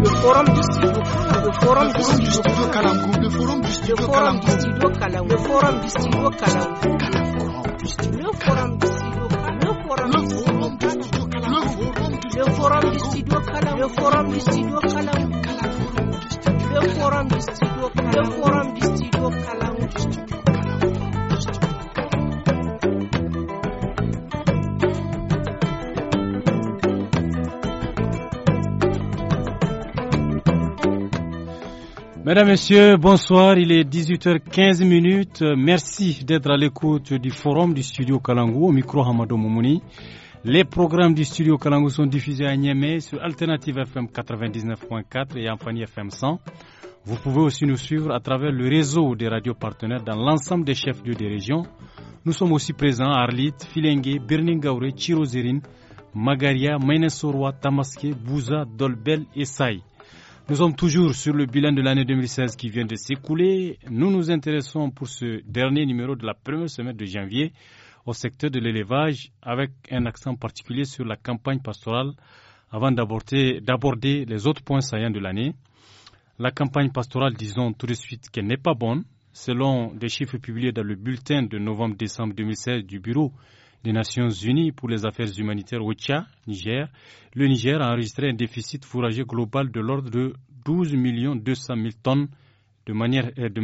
le forum du studio le forum du studio le forum du studio le forum du studio le forum du studio le forum du studio le forum du studio le forum du studio forum forum Mesdames, Messieurs, bonsoir. Il est 18h15 minutes. Merci d'être à l'écoute du forum du studio Kalangou au micro Hamadou Moumouni. Les programmes du studio Kalangou sont diffusés à Niamey sur Alternative FM 99.4 et Amphani FM 100. Vous pouvez aussi nous suivre à travers le réseau des radios partenaires dans l'ensemble des chefs-lieux des régions. Nous sommes aussi présents à Arlit, Filengue, Birningaure, Chirozirine, Magaria, Mainesoroa, Tamaské, Bouza, Dolbel et Saï. Nous sommes toujours sur le bilan de l'année 2016 qui vient de s'écouler. Nous nous intéressons pour ce dernier numéro de la première semaine de janvier au secteur de l'élevage avec un accent particulier sur la campagne pastorale avant d'aborder les autres points saillants de l'année. La campagne pastorale, disons tout de suite qu'elle n'est pas bonne. Selon des chiffres publiés dans le bulletin de novembre-décembre 2016 du Bureau des Nations Unies pour les affaires humanitaires OCHA, Niger, le Niger a enregistré un déficit fourragé global de l'ordre de 12 200 000 tonnes de, manière, euh, de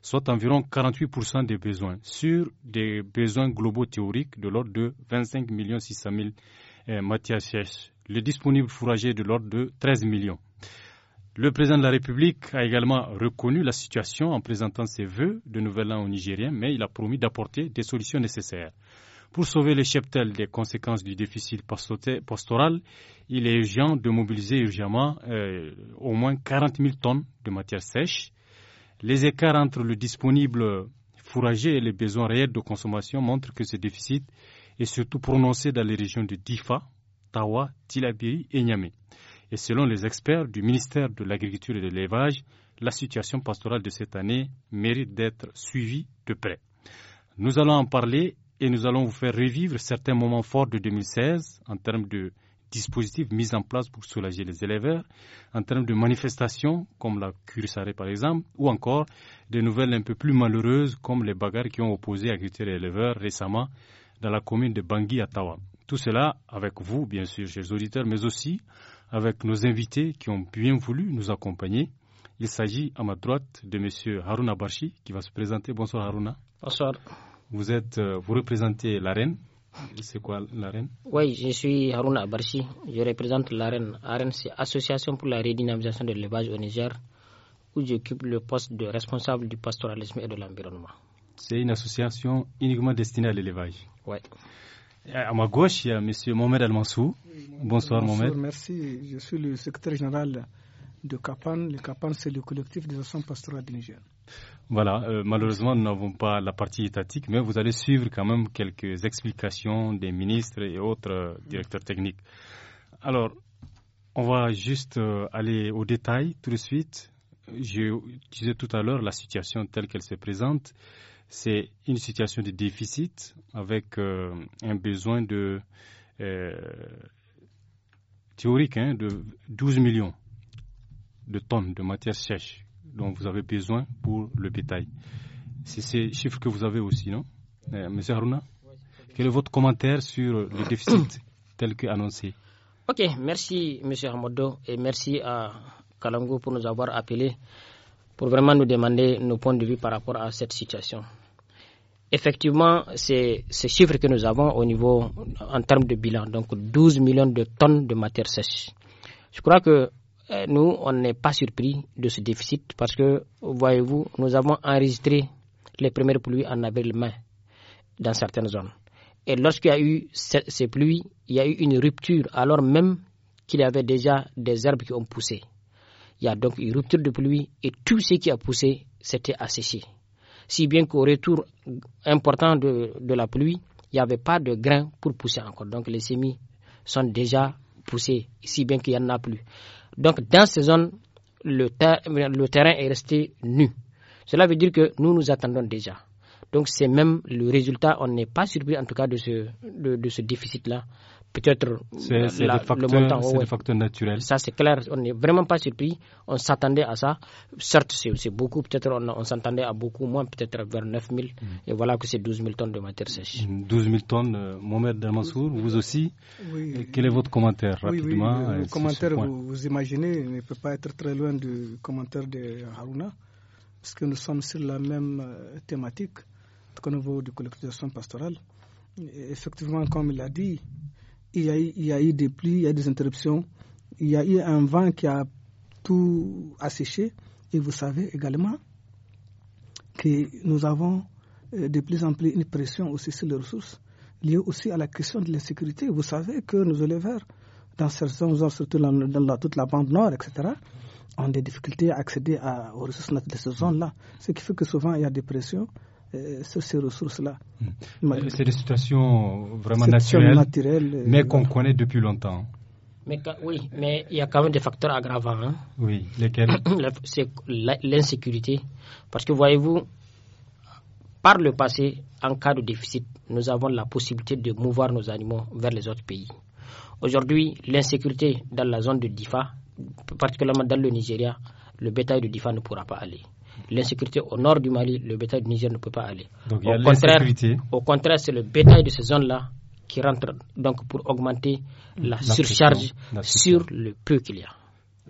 soit environ 48% des besoins, sur des besoins globaux théoriques de l'ordre de 25 600 000 matières sèches. Le disponible fourragé de l'ordre de 13 millions. Le président de la République a également reconnu la situation en présentant ses vœux de nouvel an aux Nigériens, mais il a promis d'apporter des solutions nécessaires. Pour sauver les cheptels des conséquences du déficit pastoral, il est urgent de mobiliser urgentement euh, au moins 40 000 tonnes de matières sèches. Les écarts entre le disponible fourragé et les besoins réels de consommation montrent que ce déficit est surtout prononcé dans les régions de Difa, Tawa, Tilabiri et Niamey. Et selon les experts du ministère de l'Agriculture et de l'Élevage, la situation pastorale de cette année mérite d'être suivie de près. Nous allons en parler et nous allons vous faire revivre certains moments forts de 2016 en termes de dispositifs mis en place pour soulager les éleveurs, en termes de manifestations comme la Cursarée par exemple, ou encore des nouvelles un peu plus malheureuses comme les bagarres qui ont opposé agriculteurs et éleveurs récemment dans la commune de Bangui à Tawa. Tout cela avec vous, bien sûr, chers auditeurs, mais aussi avec nos invités qui ont bien voulu nous accompagner. Il s'agit à ma droite de M. Haruna Barchi qui va se présenter. Bonsoir Haruna. Bonsoir. Vous êtes, euh, vous représentez l'AREN. C'est quoi l'AREN Oui, je suis Haruna Barchi. Je représente l'AREN. L'AREN, c'est Association pour la redynamisation de l'élevage au Niger, où j'occupe le poste de responsable du pastoralisme et de l'environnement. C'est une association uniquement destinée à l'élevage. Oui. Euh, à ma gauche, il y a M. Mohamed Al-Mansou. Bonsoir, Mohamed. Merci. Je suis le secrétaire général de CAPAN. Le CAPAN, c'est le collectif des associations pastorales du Niger. Voilà, euh, malheureusement, nous n'avons pas la partie étatique, mais vous allez suivre quand même quelques explications des ministres et autres euh, mhm. directeurs techniques. Alors, on va juste aller au détail tout de suite. Je disais tout à l'heure la situation telle qu'elle se présente c'est une situation de déficit avec euh, un besoin de euh, théorique hein, de 12 millions de tonnes de matières sèches dont vous avez besoin pour le bétail. C'est ces chiffres que vous avez aussi, non euh, Monsieur Haruna, quel est votre commentaire sur le déficit tel que annoncé Ok, merci Monsieur Hamodo et merci à Kalango pour nous avoir appelés pour vraiment nous demander nos points de vue par rapport à cette situation. Effectivement, c'est ce chiffre que nous avons au niveau, en termes de bilan, donc 12 millions de tonnes de matière sèche. Je crois que euh, nous, on n'est pas surpris de ce déficit parce que, voyez-vous, nous avons enregistré les premières pluies en avril-mai dans certaines zones. Et lorsqu'il y a eu ces pluies, il y a eu une rupture alors même qu'il y avait déjà des herbes qui ont poussé. Il y a donc une rupture de pluie et tout ce qui a poussé s'était asséché. Si bien qu'au retour important de, la pluie, il n'y avait pas de grains pour pousser encore. Donc les semis sont déjà poussés, si bien qu'il n'y en a plus. Donc dans ces zones, le, terrain est resté nu. Cela veut dire que nous nous attendons déjà. Donc c'est même le résultat, on n'est pas surpris en tout cas de ce, de ce déficit-là peut-être le montant. C'est le facteur naturel. Ça, c'est clair. On n'est vraiment pas surpris. On s'attendait à ça. Certes, c'est beaucoup. Peut-être on, s'attendait à beaucoup moins, peut-être vers 9 000. Mm. Et voilà que c'est 12 000 tonnes de matière sèche. 12 000 tonnes. Euh, Mohamed Damassour, vous aussi. Oui. Euh, quel est votre commentaire rapidement oui, oui. Le euh, commentaire, vous, imaginez, ne peut pas être très loin du commentaire de Haruna, parce que nous sommes sur la même thématique au niveau de collectivisation pastorale. effectivement, comme il a dit, il y, a eu, des pluies, il y a des interruptions, il y a eu un vent qui a tout asséché. Et vous savez également que nous avons euh, de plus en plus une pression aussi sur les ressources, liée aussi à la question de la sécurité. Vous savez que nos éleveurs, dans certaines zones, surtout dans, toute la bande nord, etc., ont des difficultés à accéder aux ressources de ces zones-là. Ce qui fait que souvent, il y a des pressions sur euh, ces ressources-là. Hmm. Euh, c'est des situations vraiment naturelles, euh, mais qu'on connaît depuis longtemps. oui, mais il y a quand même des facteurs aggravants. Hein. Oui, lesquels C'est l'insécurité. Parce que voyez-vous, par le passé, en cas de déficit, nous avons la possibilité de mouvoir nos animaux vers les autres pays. Aujourd'hui, l'insécurité dans la zone de Difa, particulièrement dans le Nigeria, le bétail de Difa ne pourra pas aller l'insécurité au nord du Mali, le bétail du Niger ne peut pas aller. Donc, au, contraire, au contraire, c'est le bétail de ces zones-là qui rentre donc pour augmenter la, surcharge sur le peu qu'il y a.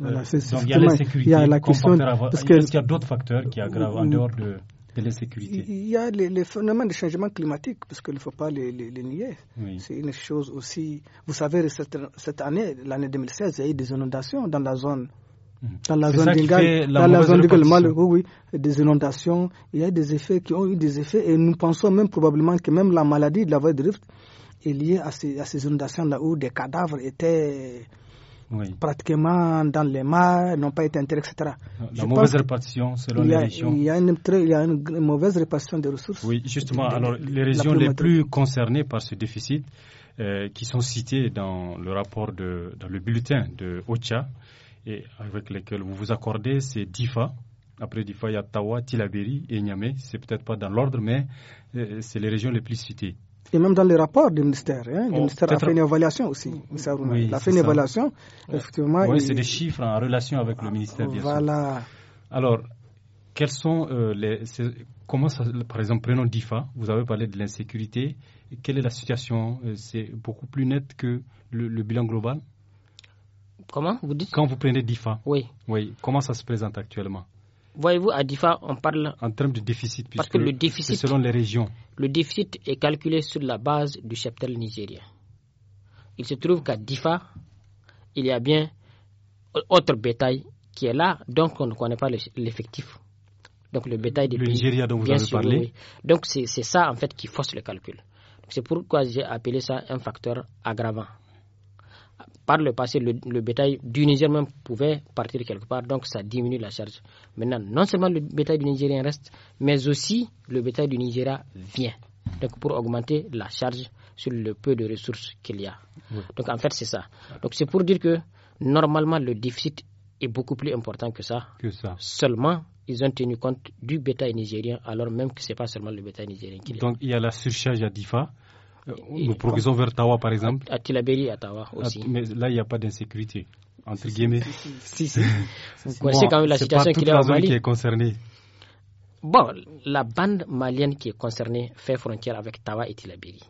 Euh, donc il y a l'insécurité. question, est-ce qu'il y a d'autres facteurs qui aggravent en mm, dehors de, l'insécurité Il y a les, phénomènes de changement climatique, parce qu'il ne faut pas les, nier. C'est une chose aussi. Vous savez, cette année, l'année 2016, il y a eu des inondations dans la zone dans la zone d'Ingal, la zone oui, oui, des inondations, il y a des effets qui ont eu des effets et nous pensons même probablement que même la maladie de la voie de rift est liée à ces, inondations-là où des cadavres étaient pratiquement dans les mares, n'ont pas été enterrés, etc. La mauvaise répartition selon les régions. Il y, a une, mauvaise répartition des ressources. Oui, justement, alors les régions les plus concernées par ce déficit, euh, qui sont citées dans le rapport, de, dans le bulletin de OCHA, et avec lesquels vous vous accordez, c'est DIFA. Après DIFA, il y a Tawa, Tilaberi et Niamey. C'est peut-être pas dans l'ordre, mais euh, c'est les régions les plus citées. Et même dans les rapports du ministère, hein, le oh, ministère a fait une évaluation aussi. Oui, il fait une évaluation, effectivement. Oui, c'est des chiffres en relation avec le ministère, voilà. Alors, quels sont euh, les. Comment par exemple, prenons DIFA, vous avez parlé de l'insécurité. Quelle est la situation euh, C'est beaucoup plus net que le bilan global Comment vous dites Quand vous prenez DIFA, oui. Oui, comment ça se présente actuellement Voyez-vous, à DIFA, on parle. En termes de déficit, puisque parce que le déficit, selon les régions. Le déficit est calculé sur la base du cheptel nigérien. Il se trouve qu'à DIFA, il y a bien autre bétail qui est là, donc on ne connaît pas l'effectif. Donc le bétail des le Nigeria dont vous avez parlé. Donc c'est ça en fait qui fausse le calcul. C'est pourquoi j'ai appelé ça un facteur aggravant par le passé, le, bétail du Niger même pouvait partir quelque part, donc ça diminue la charge. Maintenant, non seulement le bétail du Nigérien reste, mais aussi le bétail du Nigeria vient. Donc pour augmenter la charge sur le peu de ressources qu'il y a. Donc en fait c'est ça. Donc c'est pour dire que normalement le déficit est beaucoup plus important que ça. Que Seulement ils ont tenu compte du bétail nigérien alors même que ce n'est pas seulement le bétail nigérien qui. est. Donc il y a la surcharge à DIFA nous euh, progressons vers Tawa, par exemple. À Tilaberi, à Tawa ah, aussi. mais là, il n'y a pas d'insécurité, entre guillemets. Si, si. Vous connaissez quand même la situation qu'il y a Mali. qui est concernée. Bon, la bande malienne qui est concernée fait frontière avec Tawa et Tilaberi.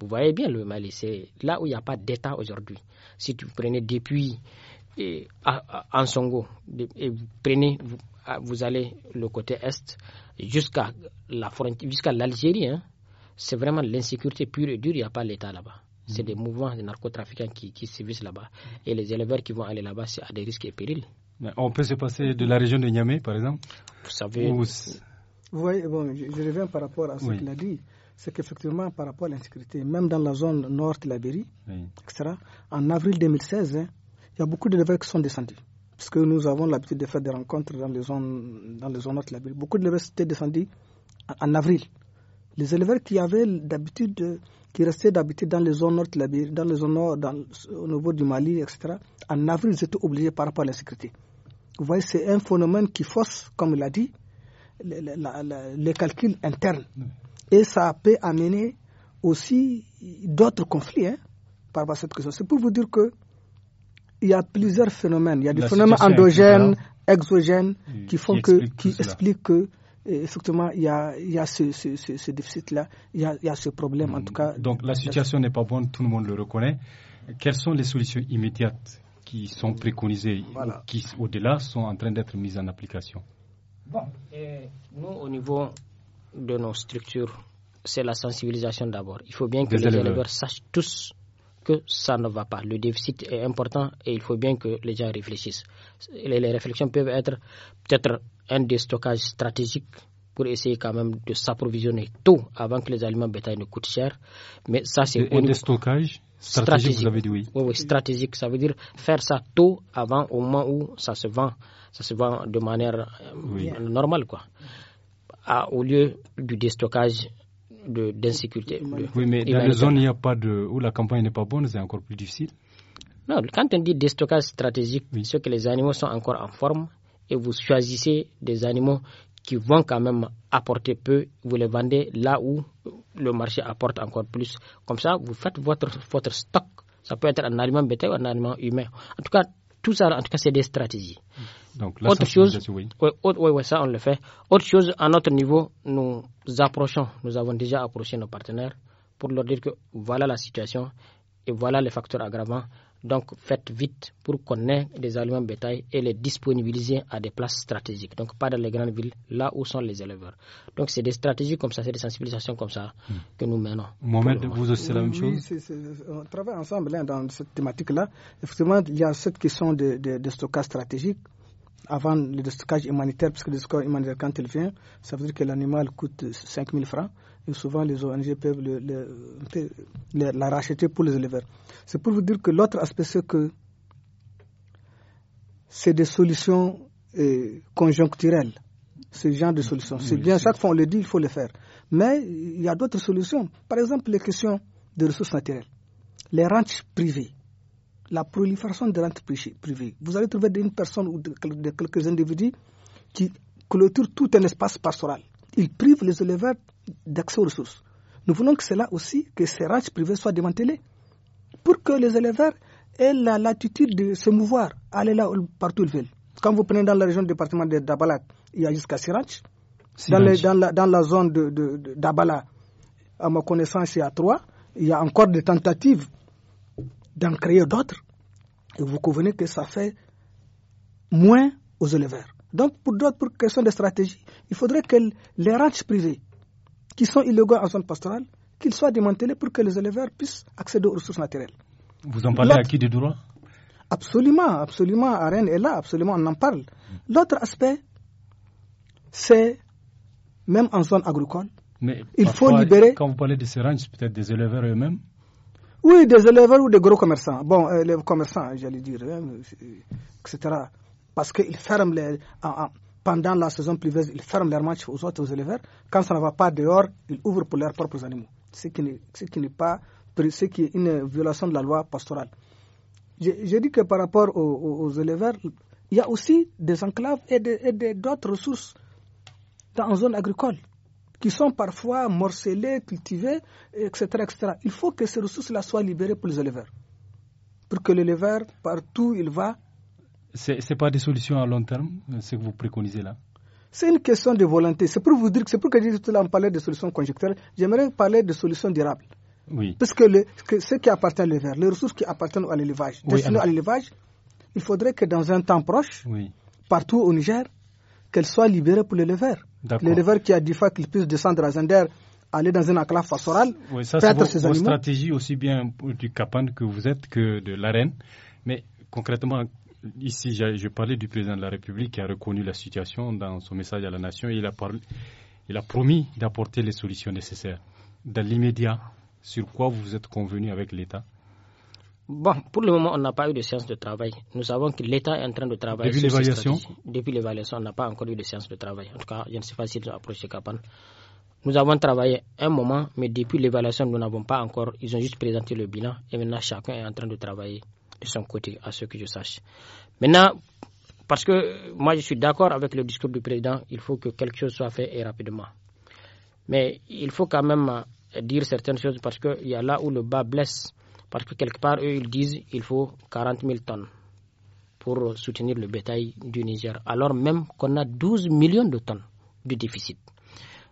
Vous voyez bien le Mali, c'est là où il n'y a pas d'État aujourd'hui. Si tu prenez depuis Ansongo, en Songo, et vous prenez, vous, allez le côté est jusqu'à la frontière, jusqu'à l'Algérie, hein, c'est vraiment l'insécurité pure et dure, il n'y a pas l'État là-bas. Mm. C'est des mouvements de narcotrafiquants qui, qui sévissent là-bas. Mm. Et les éleveurs qui vont aller là-bas, c'est à des risques et périls. On peut se passer de la région de Niamey, par exemple Vous savez. Euh, Vous voyez. bon, je, reviens par rapport à ce qu'il a dit. C'est qu'effectivement, par rapport à l'insécurité, même dans la zone nord de la Berry, etc., en avril 2016, hein, il y a beaucoup d'éleveurs qui sont descendus. Parce que nous avons l'habitude de faire des rencontres dans les zones, dans les zones nord de la Berry. Beaucoup d'éleveurs étaient descendus en avril. Les éleveurs qui avaient d'habitude, qui restaient d'habitude dans les zones nord, dans les zones nord, dans, au niveau du Mali, etc., en avril, ils étaient obligés par rapport à la sécurité. Vous voyez, c'est un phénomène qui force, comme il a dit, les, calculs internes. Et ça peut amener aussi d'autres conflits hein, par rapport à cette question. C'est pour vous dire que il y a plusieurs phénomènes. Il y a des phénomènes endogènes, exogènes, qui font que, qui expliquent que effectivement, il y a, ce, déficit-là, il, y a ce problème en tout cas. Mm. Donc la situation n'est pas bonne, tout le monde le reconnaît. Quelles sont les solutions immédiates qui sont préconisées, qui au-delà sont en train d'être mises en application Bon, nous au niveau de nos structures, c'est la sensibilisation d'abord. Il faut bien que les éleveurs sachent tous que ça ne va pas. Le déficit est important et il faut bien que les gens réfléchissent. Les, réflexions peuvent être peut-être un déstockage stratégique pour essayer quand même de s'approvisionner tôt avant que les aliments bétail ne coûtent cher. Mais ça, c'est un déstockage stratégique, oui. stratégique, ça veut dire faire ça tôt avant au moment où ça se vend, ça se vend de manière euh, normale quoi. Ah, au lieu du déstockage d'insécurité. Oui, mais dans les zones il a pas de où la campagne n'est pas bonne, c'est encore plus difficile. Non, quand on dit déstockage stratégique, c'est que les animaux sont encore en forme, et vous choisissez des animaux qui vont quand même apporter peu, vous les vendez là où le marché apporte encore plus. Comme ça, vous faites votre, votre stock. Ça peut être un aliment bétail ou un aliment humain. En tout cas, tout ça, en tout cas, c'est des stratégies. Donc, autre chose, oui, oui, ça on le fait. Autre chose, à notre niveau, nous approchons, nous avons déjà approché nos partenaires pour leur dire que voilà la situation et voilà les facteurs aggravants. Donc faites vite pour qu'on ait des aliments bétail et les disponibiliser à des places stratégiques. Donc pas dans les grandes villes, là où sont les éleveurs. Donc c'est des stratégies comme ça, c'est des sensibilisations comme ça hmm. que nous menons. Mohamed, vous aussi c'est la même chose On travaille ensemble hein, dans cette thématique-là. Effectivement, il y a cette question de, de stockage stratégique avant le stockage humanitaire, parce que le stockage humanitaire, quand il vient, ça veut dire que l'animal coûte 5 francs et souvent les ONG peuvent la racheter pour les éleveurs. C'est pour vous dire que l'autre aspect, c'est que c'est des solutions euh, conjoncturelles, ce genre de solutions. C'est bien, chaque fois on le dit, il faut le faire. Mais il y a d'autres solutions. Par exemple, les questions de ressources naturelles, les rentes privées. la prolifération des rentes privées. Vous allez trouver une personne ou de, quelques individus qui clôturent tout un espace pastoral. Ils privent les éleveurs d'accès aux ressources. Nous voulons que cela aussi, que ces ranches privés soient démantelés pour que les éleveurs aient la latitude de se mouvoir, aller là partout où ils veulent. Quand vous prenez dans la région du département de Dabala, il y a jusqu'à 6 Dans, dans, la, zone de, Dabala, à ma connaissance, il y a trois. Il y a encore des tentatives d'en créer d'autres. Et vous convenez que ça fait moins aux éleveurs. Donc, pour d'autres, pour question de stratégie, il faudrait que les ranchs privés qui sont illégaux en zone pastorale, qu'ils soient démantelés pour que les éleveurs puissent accéder aux ressources naturelles. Vous en parlez à qui des droits Absolument, absolument. Arène est là, absolument, on en parle. L'autre aspect, c'est même en zone agricole, il faut libérer. Quand vous parlez de c'est peut-être des éleveurs eux-mêmes Oui, des éleveurs ou des gros commerçants. Bon, euh, les commerçants, j'allais dire, euh, etc. Parce qu'ils ferment les, pendant la saison pluvieuse, ils ferment leurs matchs aux autres éleveurs. Quand ça ne va pas dehors, ils ouvrent pour leurs propres animaux. Ce qui n'est pas, ce qui est une violation de la loi pastorale. J'ai dit que par rapport aux, éleveurs, il y a aussi des enclaves et d'autres ressources dans, en zone agricole qui sont parfois morcelées, cultivées, etc. etc. Il faut que ces ressources-là soient libérées pour les éleveurs. Pour que l'éleveur, partout où il va, ce n'est pas des solutions à long terme, euh, ce que vous préconisez là C'est une question de volonté. C'est pour vous dire que c'est pour que je tout là, de solutions conjoncturelles. J'aimerais parler de solutions durables. Oui. Parce que, ce qui appartient à l'hiver, les ressources qui appartiennent à l'élevage, destinées à l'élevage, il faudrait que dans un temps proche, oui. partout au Niger, qu'elles soient libérées pour l'éleveur. L'éleveur qui a dit fois qu'il puisse descendre à Zender, aller dans un enclave pastorale, oui, ça, c'est une stratégie aussi bien du capane que vous êtes que de l'arène. Mais concrètement, ici, je parlais du président de la République qui a reconnu la situation dans son message à la nation et il a, parlé, il a promis d'apporter les solutions nécessaires. Dans l'immédiat, sur quoi vous êtes convenu avec l'État Bon, pour le moment, on n'a pas eu de séance de travail. Nous savons que l'État est en train de travailler. Depuis l'évaluation Depuis l'évaluation, on n'a pas encore eu de séance de travail. En tout cas, je ne sais pas s'ils si ont approché Capan. Nous avons travaillé un moment, mais depuis l'évaluation, nous n'avons pas encore. Ils ont juste présenté le bilan et maintenant, chacun est en train de travailler de son côté, à ce que je sache. Maintenant, parce que moi je suis d'accord avec le discours du président, il faut que quelque chose soit fait et rapidement. Mais il faut quand même euh, dire certaines choses parce qu'il y a là où le bas blesse. Parce que quelque part, eux, ils disent qu'il faut 40 000 tonnes pour soutenir le bétail du Niger, alors même qu'on a 12 millions de tonnes de déficit.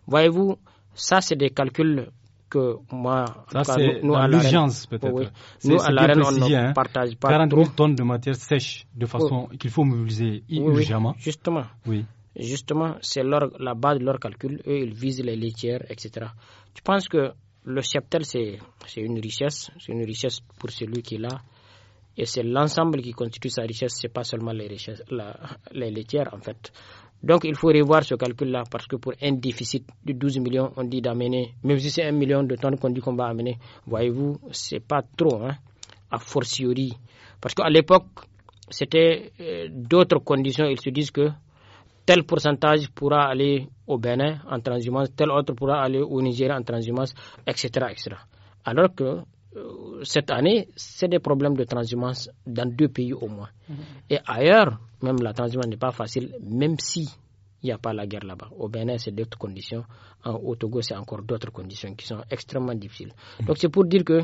Voyez-vous, ça, c'est des calculs que moi, nous, l'urgence peut-être. Nous à l'arène, on ne hein. partage pas 40 000 tonnes de matière sèche de façon qu'il faut mobiliser urgemment. justement. Oui. Justement, c'est la base de leur calcul. Eux, ils visent les laitières, etc. Tu penses que le cheptel, c'est une richesse, c'est une richesse pour celui qui l'a. Et c'est l'ensemble qui constitue sa richesse, c'est pas seulement les, richesses, la, les en fait. Donc il faut revoir ce calcul-là parce que pour un déficit de 12 millions, on dit d'amener, même si c'est un million de tonnes qu'on dit qu'on va amener, voyez-vous, c'est pas trop, hein, a fortiori. Parce qu'à l'époque, c'était euh, d'autres conditions. Ils se disent que tel pourcentage pourra aller au Bénin en transhumance, tel autre pourra aller au Niger en transhumance, etc., etc. Alors que euh, cette année, c'est des problèmes de transhumance dans deux pays au moins. Et ailleurs, même la transhumance n'est pas facile, même si il n'y a pas la guerre là-bas. Au Bénin, c'est d'autres conditions. En, au Togo, c'est encore d'autres conditions qui sont extrêmement difficiles. Donc, c'est pour dire que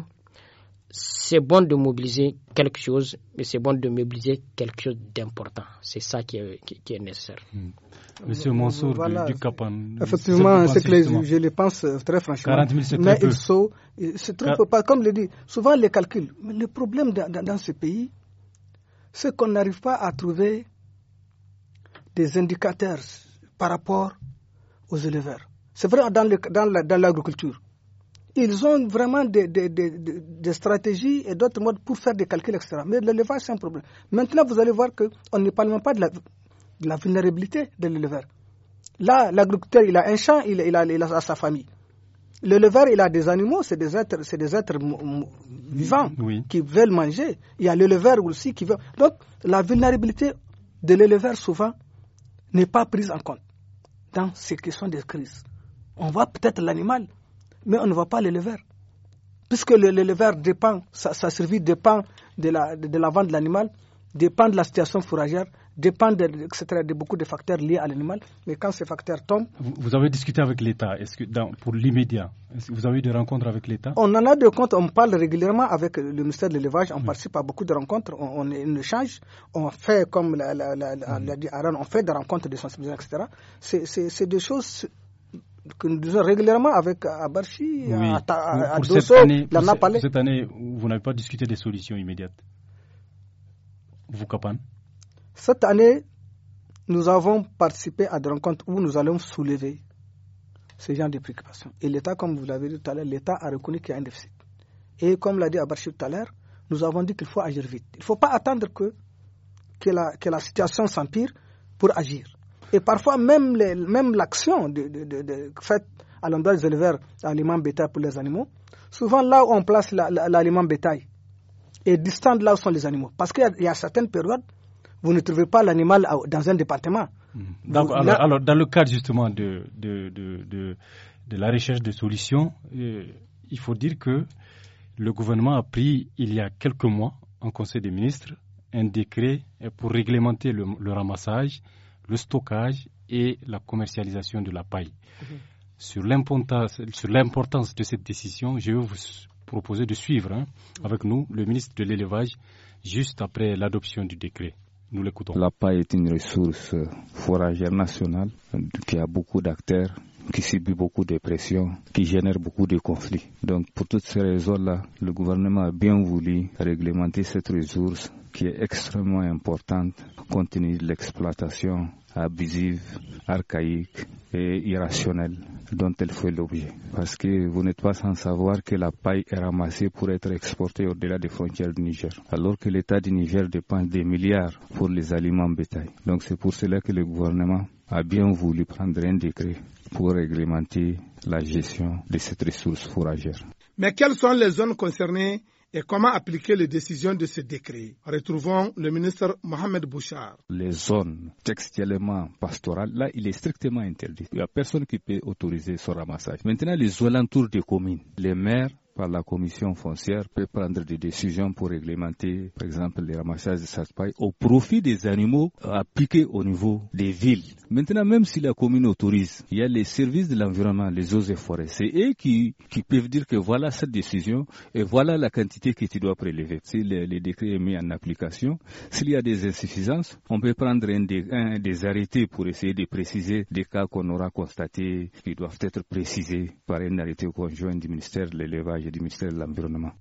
c'est bon de mobiliser quelque chose, mais c'est bon de mobiliser quelque chose d'important. C'est ça qui est, nécessaire. Hmm. Monsieur Mansour du, Capan. Effectivement, c'est je le pense très franchement. 40 mais il Ils c'est très peu. Comme le dit, souvent les calculs. Mais le problème dans, ce pays, c'est qu'on n'arrive pas à trouver des indicateurs par rapport aux éleveurs. C'est vrai dans l'agriculture. Dans ils ont vraiment des, stratégies et d'autres modes pour faire des calculs, etc. Mais l'élevage, c'est un problème. Maintenant, vous allez voir qu'on ne parle même pas de la, vulnérabilité de l'éleveur. Là, l'agriculteur, il a un champ, il, a, sa famille. L'éleveur, il a des animaux, c'est des êtres, c'est des êtres vivants qui veulent manger. Il y a l'éleveur aussi qui veut. Donc, la vulnérabilité de l'éleveur, souvent, n'est pas prise en compte dans ces questions de crise. On voit peut-être l'animal, mais on ne voit pas l'éleveur. Puisque l'éleveur dépend, sa, survie dépend de la, de, la vente de l'animal, dépend de la situation fourragère, dépend de, de beaucoup de facteurs liés à l'animal. Mais quand ces facteurs tombent. Vous, avez discuté avec l'État pour l'immédiat. vous avez eu des rencontres avec l'État On en a des rencontres. on parle régulièrement avec le ministère de l'élevage, on participe à beaucoup de rencontres, on, échange, on fait, comme l'a, dit Aaron, on fait des rencontres de sensibilisation, etc. C'est, des choses que nous disons régulièrement avec Abarchi, à, Cette année, vous n'avez pas discuté des solutions immédiates. Vous, Kapan Cette année, nous avons participé à des rencontres où nous allons soulever ce genre de préoccupations. Et l'État, comme vous l'avez dit tout à l'heure, l'État a reconnu qu'il y a un déficit. Et comme l'a dit Abarchi tout à l'heure, nous avons dit qu'il faut agir vite. Il ne faut pas attendre que, que la situation s'empire pour agir. Et parfois, même, même l'action de, faite à l'endroit des éleveurs d'aliments bétail pour les animaux, souvent là où on place l'aliment bétail est distant de là où sont les animaux. Parce qu'il y, a certaines périodes, vous ne trouvez pas l'animal dans un département. Mmh. alors, dans le cadre justement de, de, la recherche de solutions, euh, il faut dire que le gouvernement a pris il y a quelques mois en Conseil des ministres un décret pour réglementer le ramassage le stockage et la commercialisation de la paille. Mhm. Sur l'importance de cette décision, je vais vous proposer de suivre hein, mhm. avec nous le ministre de l'élevage juste après l'adoption du décret. Nous l'écoutons. La paille est une ressource foragère nationale qui a beaucoup d'acteurs qui subit beaucoup de pression, qui génère beaucoup de conflits. Donc pour toutes ces raisons-là, le gouvernement a bien voulu réglementer cette ressource qui est extrêmement importante compte tenu de l'exploitation abusive, archaïque et irrationnelle dont elle fait l'objet. Parce que vous n'êtes pas sans savoir que la paille est ramassée pour être exportée au-delà des frontières du Niger, alors que l'État du Niger dépense des milliards pour les aliments bétail. Donc c'est pour cela que le gouvernement a bien voulu prendre un décret pour réglementer la gestion de cette ressource fourragère. Mais quelles sont les zones concernées et comment appliquer les décisions de ce décret Retrouvons le ministre Mohamed Bouchard. Les zones textuellement pastorales, là, il est strictement interdit. Il n'y a personne qui peut autoriser son ramassage. Maintenant, les alentours des communes, les maires par la commission foncière peut prendre des décisions pour réglementer, par exemple, les ramassages de sarpailles au profit des animaux appliqués au niveau des villes. Maintenant, même si la commune autorise, il y a les services de l'environnement, les eaux et forêts. C'est eux qui, qui, peuvent dire que voilà cette décision et voilà la quantité que tu dois prélever. Si le, décret est mis en application, s'il y a des insuffisances, on peut prendre un des, un des arrêtés pour essayer de préciser des cas qu'on aura constatés qui doivent être précisés par un arrêté conjoint du ministère de l'élevage du ministère de l'Environnement.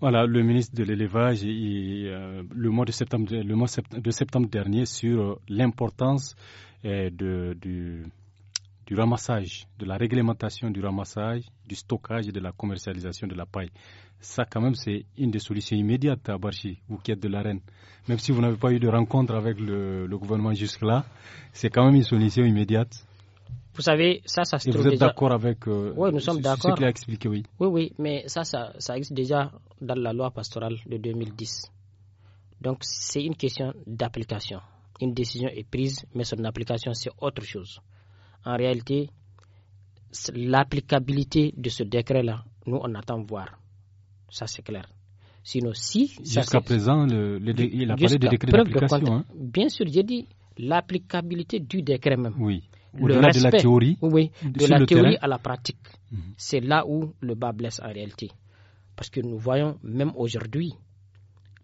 Voilà, le ministre de l'élevage, euh, le mois de septembre, le mois de septembre dernier, sur euh, l'importance euh, du, ramassage, de la réglementation du ramassage, du stockage et de la commercialisation de la paille. Ça, quand même, c'est une des solutions immédiates à Barchi, vous qui de la reine. Même si vous n'avez pas eu de rencontre avec le gouvernement jusque-là, c'est quand même une solution immédiate vous savez, ça, ça se Et Vous êtes d'accord avec euh, nous sommes ce, qu'il a expliqué, oui. Oui, oui, mais ça, ça, existe déjà dans la loi pastorale de 2010. Donc, c'est une question d'application. Une décision est prise, mais son application, c'est autre chose. En réalité, l'applicabilité de ce décret-là, nous, on attend voir. Ça, c'est clair. Sinon, si. Jusqu'à présent, il a parlé de décret d'application. Hein. Bien sûr, j'ai dit l'applicabilité du décret même. Oui. Au-delà de la théorie. Oui, de la théorie à la pratique. Mhm. C'est là où le bas blesse en réalité. Parce que nous voyons, même aujourd'hui,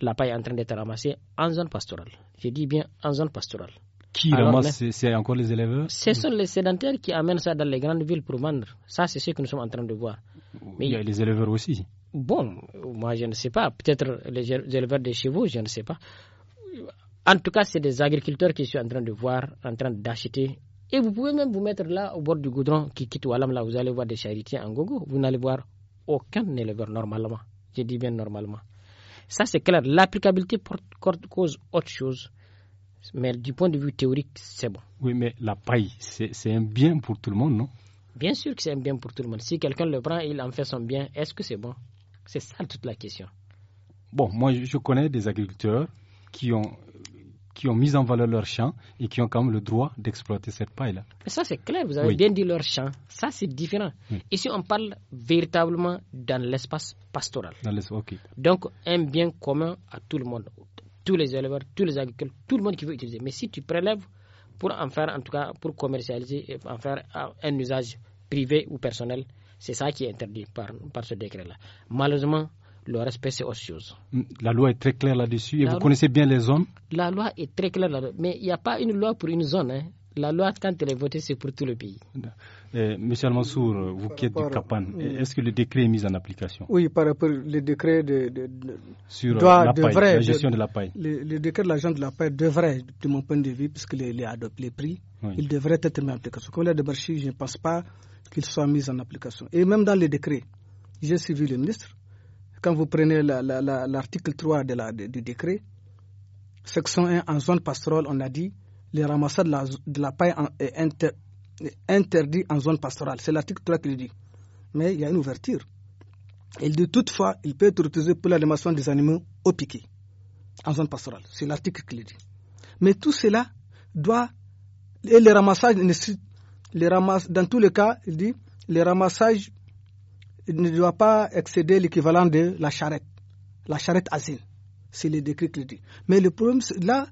la paille en train d'être ramassée en zone pastorale. Je dis bien en zone pastorale. Qui ramasse C'est encore les éleveurs Ce sont les sédentaires qui amènent ça dans les grandes villes pour vendre. Ça, c'est ce que nous sommes en train de voir. Mais il y a les éleveurs aussi. Bon, moi, je ne sais pas. Peut-être les éleveurs de vous, je ne sais pas. En tout cas, c'est des agriculteurs qui sont en train de voir, en train d'acheter et vous pouvez même vous mettre là au bord du goudron qui quitte Walam, là vous allez voir des charitiers en gogo. Vous n'allez voir aucun éleveur normalement. Je dis bien normalement. Ça c'est clair. L'applicabilité cause autre chose. Mais du point de vue théorique, c'est bon. Oui, mais la paille, c'est un bien pour tout le monde, non Bien sûr que c'est un bien pour tout le monde. Si quelqu'un le prend, il en fait son bien. Est-ce que c'est bon C'est ça toute la question. Bon, moi, je connais des agriculteurs qui ont qui ont mis en valeur leur champ et qui ont quand même le droit d'exploiter cette paille-là. Ça, c'est clair, vous avez bien dit leur champ. Ça, c'est différent. Ici, on parle véritablement dans l'espace pastoral. Donc, un bien commun à tout le monde, tous les éleveurs, tous les agriculteurs, tout le monde qui veut utiliser. Mais si tu prélèves pour en faire, en tout cas, pour commercialiser, en faire un usage privé ou personnel, c'est ça qui est interdit par, par ce décret-là. Malheureusement, le respect, c'est autre chose. La loi est très claire là-dessus et vous connaissez bien les zones La loi est très claire là-dessus, mais il n'y a pas une loi pour une zone. Hein. La loi, quand elle est votée, c'est pour tout le pays. Eh, monsieur Almansour, vous qui êtes du CAPAN, eh, est-ce que le décret est mis en application Oui, par rapport au décret de, de, Sur euh, la, gestion de, la paille. Le, décret de l'agent de la paille devrait, de mon point de vue, puisqu'il est, adopté, les prix, il devrait être mis en application. Comme l'a de je ne pense pas qu'il soit mis en application. Et même dans les décrets, j'ai suivi le ministre, quand vous prenez l'article 3 de la, du décret, section 1, en zone pastorale, on a dit le ramassage de la, paille est, interdit en zone pastorale. C'est l'article 3 qui le dit. Mais il y a une ouverture. Il dit toutefois, il peut être utilisé pour l'animation des animaux au piqué, en zone pastorale. C'est l'article qui le dit. Mais tout cela doit. Et le ramassage, le dans tous les cas, il dit le ramassage il ne doit pas excéder l'équivalent de la charrette, la charrette asile. C'est le décret le dit. Mais le problème, là,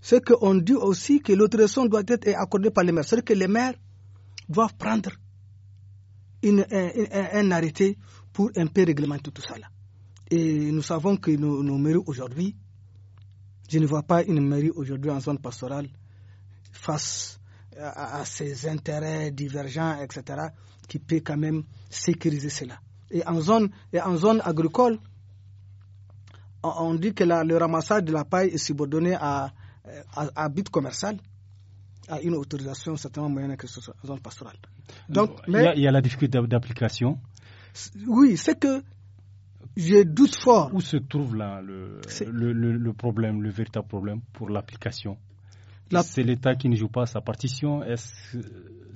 c'est qu'on dit aussi que l'autorisation doit être accordée par les maires. C'est-à-dire que les maires doivent prendre une, un, arrêté pour un peu réglementer tout ça. Et nous savons que nos, nos mairies aujourd'hui, je ne vois pas une mairie aujourd'hui en zone pastorale face à, à, ses intérêts divergents, etc., qui peut quand même sécuriser cela. Et en zone, et en zone agricole, on, dit que le ramassage de la paille est subordonné à, à, but commercial à une autorisation certainement moyenne que ce soit en zone pastorale. Donc, il, y a, la difficulté d'application. Oui, c'est que j'ai doute fort. Où se trouve là le, le, problème, le véritable problème pour l'application C'est l'État qui ne joue pas sa partition. est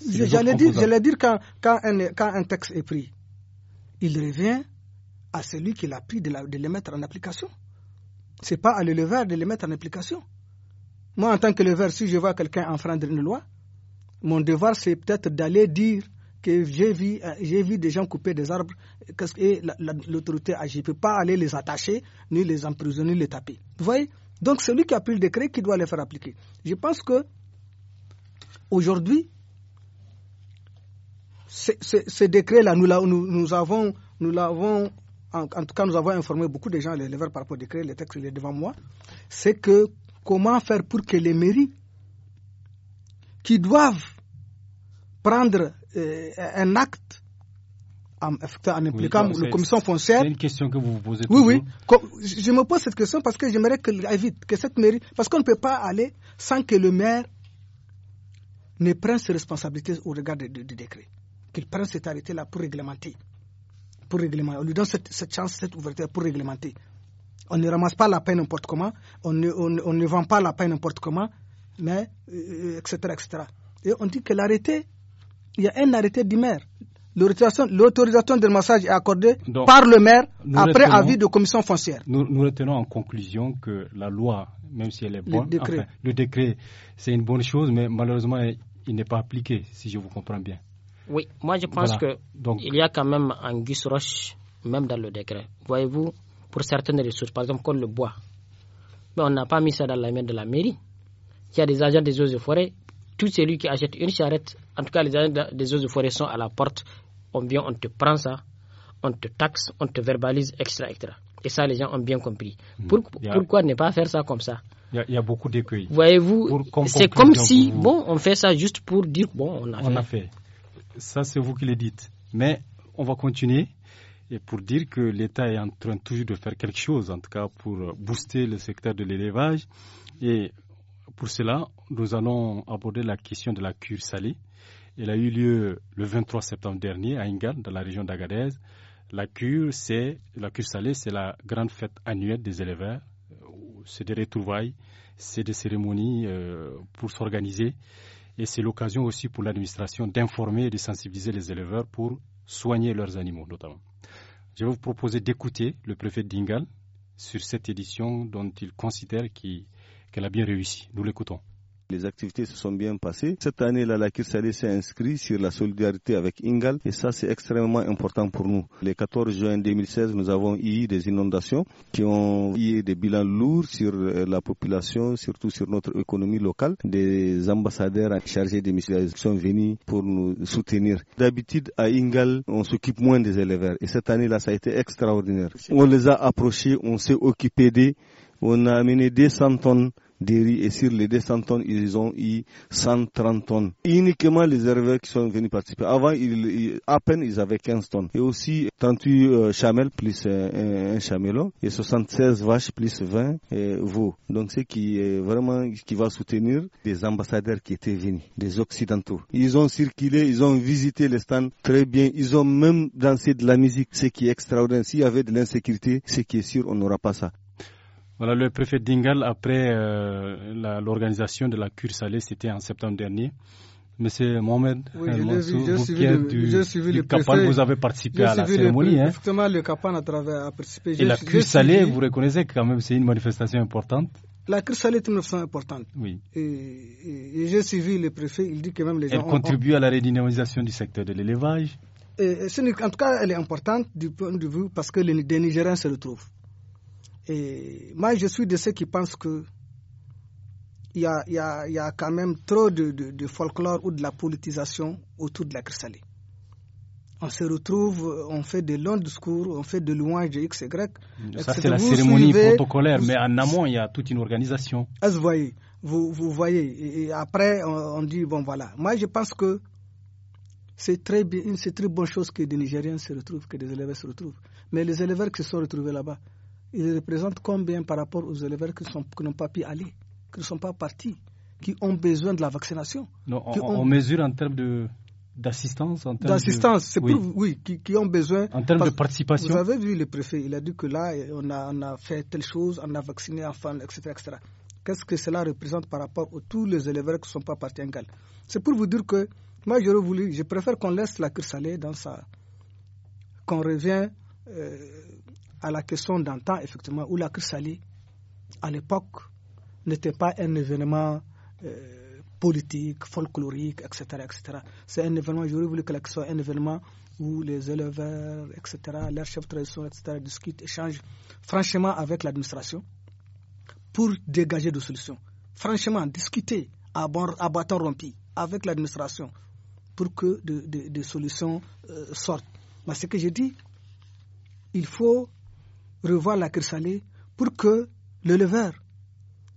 J'allais dire, quand, un, texte est pris, il revient à celui qui l'a pris de, le mettre en application. Ce pas à l'éleveur de le mettre en application. Moi, en tant que l'éleveur si je vois quelqu'un enfreindre une loi, mon devoir, c'est peut-être d'aller dire que j'ai vu, euh, des gens couper des arbres et l'autorité agit. Je ne peux pas aller les attacher, ni les emprisonner, ni les taper. Vous voyez Donc, celui qui a pris le décret, qui doit les faire appliquer. Je pense que aujourd'hui, ce décret-là, nous, nous, avons, nous l'avons, en, tout cas, nous avons informé beaucoup de gens, les éleveurs, par rapport au décret, le texte, est devant moi. C'est que comment faire pour que les mairies qui doivent prendre euh, un acte en, impliquant la commission foncière. C'est une question que vous vous posez. Oui, oui. Je, me pose cette question parce que j'aimerais que, que cette mairie, parce qu'on ne peut pas aller sans que le maire ne prenne ses responsabilités au regard du décret qu'il prenne cet arrêté-là pour réglementer. Pour réglementer. On lui donne cette, chance, cette ouverture pour réglementer. On ne ramasse pas la peine n'importe comment, on ne, vend pas la peine n'importe comment, mais, etc., euh, etc. Et on dit que l'arrêté, il y a un arrêté du maire. L'autorisation de massage est accordée par le maire après avis de commission foncière. Nous, retenons en conclusion que la loi, même si elle est bonne, le décret c'est une bonne chose, mais malheureusement, il n'est pas appliqué, si je vous comprends bien. Oui, moi je pense qu'il que Donc... il y a quand même un guise-roche, même dans le décret. Voyez-vous, pour certaines ressources, par exemple comme le bois, mais on n'a pas mis ça dans la main de la mairie. Il y a des agents des eaux de forêt. Tout celui qui achète une charrette, en tout cas les agents des eaux de forêt sont à la porte. On vient, on te prend ça, on te taxe, on te verbalise, etc. extra. Et ça, les gens ont bien compris. Hmm. Pourquoi ne pas faire ça comme ça il y, a, beaucoup d'écueils. Voyez-vous, c'est comme si, bon, on fait ça juste pour dire, bon, on a on A fait ça c'est vous qui le dites. Mais on va continuer et pour dire que l'État est en train toujours de faire quelque chose, en tout cas pour booster le secteur de l'élevage. Et pour cela, nous allons aborder la question de la cure salée. Elle a eu lieu le 23 septembre dernier à Ingal, dans la région d'Agadez. La cure, c'est la cure salée, c'est la grande fête annuelle des éleveurs. C'est des retrouvailles, c'est des cérémonies euh, pour s'organiser et c'est l'occasion aussi pour l'administration d'informer et de sensibiliser les éleveurs pour soigner leurs animaux notamment. Je vais vous proposer d'écouter le préfet Dingal sur cette édition dont il considère qu'elle a bien réussi. Nous l'écoutons. Les activités se sont bien passées. Cette année-là, la Kirsalé s'est inscrite sur la solidarité avec Ingal et ça, c'est extrêmement important pour nous. Le 14 juin 2016, nous avons eu des inondations qui ont eu des bilans lourds sur euh, la population, surtout sur notre économie locale. Des ambassadeurs chargés des missions sont venus pour nous soutenir. D'habitude, à Ingal, on s'occupe moins des éleveurs et cette année-là, ça a été extraordinaire. On les a approchés, on s'est occupé d'eux, on a amené 200 tonnes riz et sur les 200 tonnes, ils ont eu 130 tonnes. Uniquement les éleveurs qui sont venus participer. Avant, ils, à peine, ils avaient 15 tonnes. Et aussi 38 chamel euh, chamelles plus un, chamelon et 76 vaches plus 20 euh, veaux. Donc, c'est qui est vraiment, qui va soutenir des ambassadeurs qui étaient venus, des occidentaux. Ils ont circulé, ils ont visité les stands très bien. Ils ont même dansé de la musique, ce qui est extraordinaire. S'il y avait de l'insécurité, ce qui est sûr, on n'aura pas ça. Voilà, le préfet Dingal, après euh, l'organisation de la cure salée, c'était en septembre dernier. Monsieur Mohamed oui, Mansour, vous du, vous avez participé à la cérémonie. Hein. le CAPAN a, travers, a participé. Et la cure salée, vous reconnaissez que quand même c'est une manifestation importante la Cure salée est une manifestation importante. Oui. Et, j'ai suivi le préfet, il dit que même les gens. Elle contribue à la redynamisation du secteur de l'élevage. en tout cas, elle est importante du point de vue parce que les, des Nigériens se retrouvent. Et moi, je suis de ceux qui pensent que il y a, quand même trop de, folklore ou de la politisation autour de la chrysalide. On se retrouve, on fait de longs discours, on fait de louanges de X, et Y. Ça, c'est la cérémonie protocolaire, mais en amont, il y a toute une organisation. Vous voyez, Et après, on, dit, bon, voilà. Moi, je pense que c'est très bien, c'est très bonne chose que des Nigériens se retrouvent, que des élèves se retrouvent. Mais les élèves qui se sont retrouvés là-bas, il représente combien par rapport aux élèves qui, sont, n'ont pas pu aller, qui ne sont pas partis, qui ont besoin de la vaccination non, on, mesure en termes de d'assistance en d'assistance c'est oui, qui, ont besoin en termes de participation vous avez vu le préfet il a dit que là on a, a fait telle chose on a vacciné un etc etc qu'est-ce que cela représente par rapport à tous les élèves qui ne sont pas partis en Galles c'est pour vous dire que moi j'aurais voulu je préfère qu'on laisse la cure salée dans sa qu'on revient euh, à la question d'antan, effectivement, où la crise à l'époque, n'était pas un événement euh, politique, folklorique, etc. etc. C'est un événement, j'aurais voulu que la crise soit un événement où les éleveurs, etc., leurs chefs de tradition, etc., discutent, échangent franchement avec l'administration pour dégager des solutions. Franchement, discuter à, bâton rompu avec l'administration pour que des solutions euh, sortent. Mais ce que j'ai dit, il faut revoir la chrysalée pour que le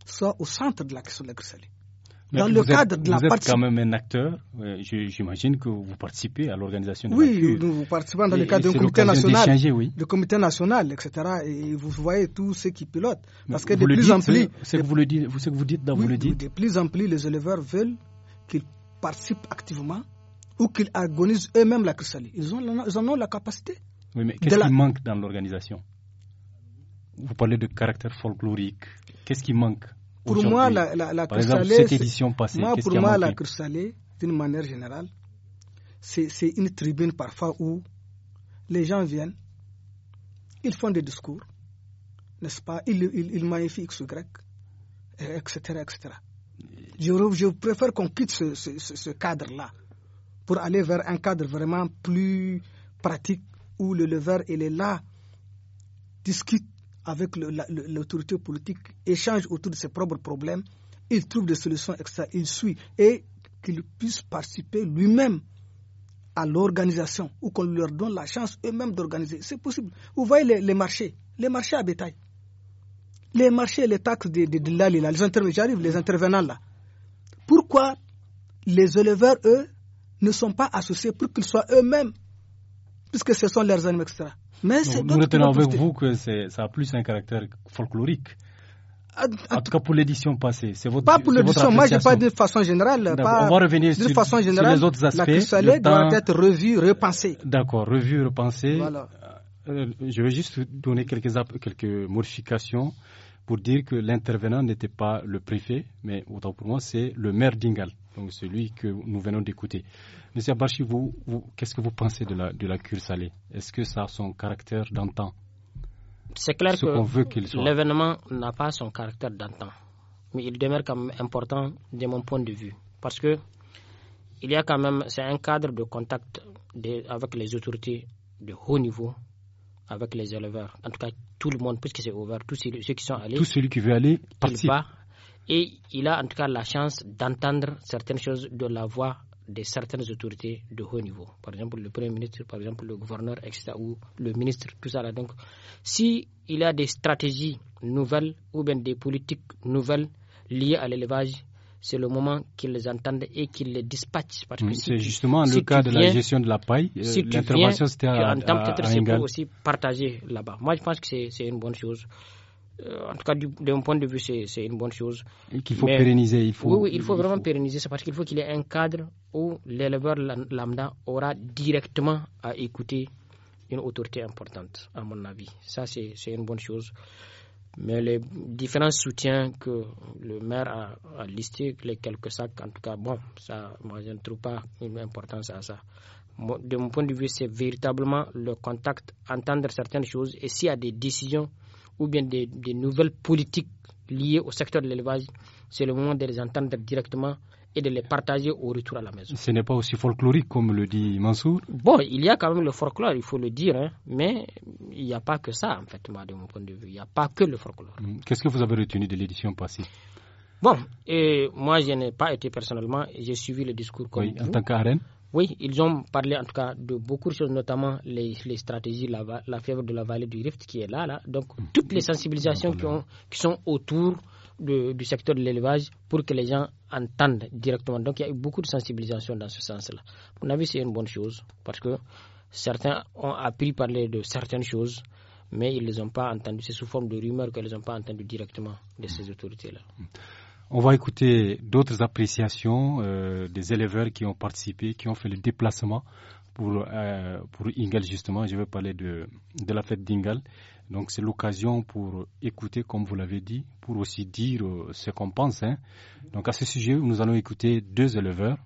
soit au centre de la, la Dans le cadre de la Vous êtes quand même un acteur. Euh, j'imagine que vous participez à l'organisation. de Oui, nous vous participons dans le cadre d'un comité national, comité national, etc. Et vous voyez tous ceux qui pilotent, parce que de plus en plus, euh, c'est que vous le dites, ce que vous dites, dans vous le dites. De plus en plus, les éleveurs veulent qu'ils participent activement ou qu'ils agonisent eux-mêmes la chrysalide. Ils, ils en ont la capacité. mais qu'est-ce qui manque dans l'organisation vous parlez de caractère folklorique. Qu'est-ce qui manque Pour moi, la, Par exemple, cette édition passée, pour qui moi, la cristallée, d'une manière générale, c'est une tribune parfois où les gens viennent, ils font des discours, n'est-ce pas Ils, ils, magnifient X, Y, etc. etc. Je, préfère qu'on quitte ce, cadre-là pour aller vers un cadre vraiment plus pratique où le lever, et les là discutent avec l'autorité politique, échange autour de ses propres problèmes, il trouve des solutions extra, il suit et qu'il puisse participer lui-même à l'organisation ou qu'on leur donne la chance eux-mêmes d'organiser. C'est possible. Vous voyez les, marchés, les marchés à bétail, les marchés, les taxes de, de, les intervenants, j'arrive, les intervenants là. Pourquoi les éleveurs, eux, ne sont pas associés pour qu'ils soient eux-mêmes, puisque ce sont leurs animaux, extra nous retenons avec vous que ça a plus un caractère folklorique. Ah, en tout ah, cas, pour l'édition passée, c'est votre Pas pour l'édition, moi je parle de façon générale. Pas, on va revenir sur, façon générale, les autres aspects. La doit être revue, repensée. D'accord, revue, repensée. Euh, je vais juste donner quelques, quelques modifications pour dire que l'intervenant n'était pas le préfet, mais autant pour moi, c'est le maire d'Ingal donc celui que nous venons d'écouter. Monsieur Abachi, vous, qu'est-ce que vous pensez de la, de la cure salée Est-ce que ça a son caractère d'antan C'est clair que l'événement n'a pas son caractère d'antan, mais il demeure quand même important de mon point de vue, parce que il y a quand même, c'est un cadre de contact avec les autorités de haut niveau, avec les éleveurs. En tout cas, tout le monde, puisque c'est ouvert, tous ceux qui sont allés. Tout celui qui veut aller, participe et il a en tout cas la chance d'entendre certaines choses de la voix de certaines autorités de haut niveau. Par exemple, le Premier ministre, par exemple, le gouverneur, etc., ou le ministre, tout ça là. Donc, s'il y a des stratégies nouvelles ou bien des politiques nouvelles liées à l'élevage, c'est le moment qu'ils les entendent et qu'ils les dispatchent. c'est justement le cas de la gestion de la paille. Euh, si L'intervention, c'était à, à, peut-être aussi partager là-bas. Moi, je pense que c'est une bonne chose. Euh, en tout cas, de d'un point de vue, c'est une bonne chose. Qu'il faut pérenniser. Il faut, oui, oui, il faut vraiment pérenniser parce qu'il faut qu'il y ait un cadre où l'éleveur lambda aura directement à écouter une autorité importante, à mon avis. Ça, c'est une bonne chose. Mais les différents soutiens que le maire a, a listés, les quelques sacs, en tout cas, bon, ça, moi, je ne trouve pas une importance à ça. De mon point de vue, c'est véritablement le contact, entendre certaines choses. Et s'il y a des décisions ou bien des, nouvelles politiques liées au secteur de l'élevage, c'est le moment de les entendre directement et de les partager au retour à la maison. Ce n'est pas aussi folklorique comme le dit Mansour Bon, il y a quand même le folklore, il faut le dire, hein, mais il n'y a pas que ça, en fait, moi, de mon point de vue. Il n'y a pas que le folklore. Hum, qu'est-ce que vous avez retenu de l'édition passée Bon, et moi, je n'ai pas été personnellement, j'ai suivi le discours oui, En tant qu'arène oui, ils ont parlé en tout cas de beaucoup de choses, notamment les, stratégies, la, la, fièvre de la vallée du Rift qui est là. là. Donc, mm. toutes les sensibilisations qui, sont autour du secteur de l'élevage pour que les gens entendent directement. Donc, il y a eu beaucoup de sensibilisation dans ce sens-là. mon avis, c'est une bonne chose parce que certains ont appris parler de certaines choses mais ils ne les ont pas entendues. C'est sous forme de rumeurs qu'ils ont pas entendues directement de ces mm. autorités-là. Mm. On va écouter d'autres appréciations euh, des éleveurs qui ont participé, qui ont fait le déplacement pour, euh, Ingal, justement. Je vais parler de, de la fête d'Ingal. Donc, c'est l'occasion pour écouter, comme vous l'avez dit, pour aussi dire euh, ce qu'on pense. Hein. Donc, à ce sujet, nous allons écouter deux éleveurs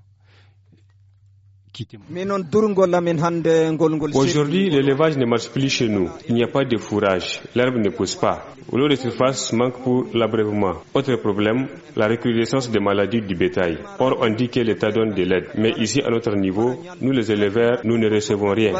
euh, Aujourd'hui, l'élevage ne marche plus chez nous. Il n'y a pas de fourrage. L'herbe ne pousse pas. L'eau de surface manque pour l'abreuvement. Autre problème, la recrudescence des maladies du bétail. Or, on dit que l'État donne de l'aide. Mais ici, à notre niveau, nous les éleveurs, nous ne recevons rien.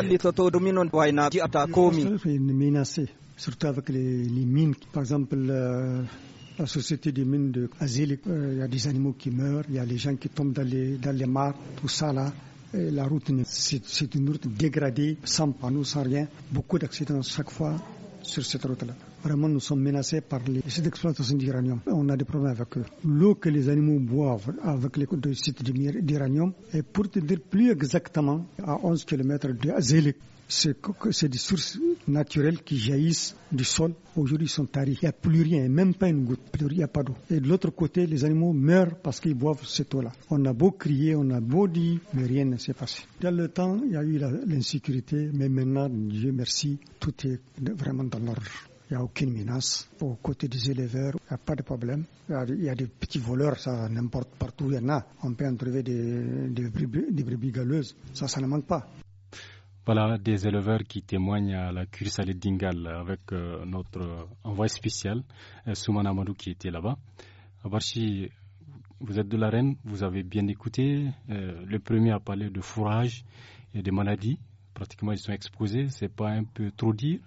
Surtout avec les, mines, par exemple, la société des mines de euh, il y a des animaux qui meurent, il y a les gens qui tombent dans les, dans tout ça là la route, c'est une route dégradée, sans panneaux, sans rien. Beaucoup d'accidents chaque fois sur cette route-là. Vraiment, nous sommes menacés par les sites d'exploitation d'uranium. On a des problèmes avec eux. L'eau que les animaux boivent avec les sites d'uranium est, pour te dire plus exactement, à 11 km de Azélie, c'est des sources naturelles qui jaillissent du sol. Aujourd'hui, ils sont taris. Il n'y a plus rien, même pas une goutte. il n'y a pas d'eau. Et de l'autre côté, les animaux meurent parce qu'ils boivent cette eau-là. On a beau crier, on a beau dire, mais rien ne s'est passé. Dans le temps, il y a eu l'insécurité, mais maintenant, Dieu merci, tout est vraiment dans l'ordre. Il n'y a aucune menace. au côté des éleveurs, il n'y a pas de problème. Il y, a, des petits voleurs, ça n'importe partout, il y en a. On peut en trouver des, des, des galeuses, ça, ça ne manque pas. Voilà des éleveurs qui témoignent à la à Dingal avec euh, notre envoyé spécial, euh, Souman Amadou, qui était là-bas. Abarchi, vous êtes de la reine, vous avez bien écouté. Euh, le premier a parlé de fourrage et des maladies. Pratiquement, ils sont exposés. C'est pas un peu trop dire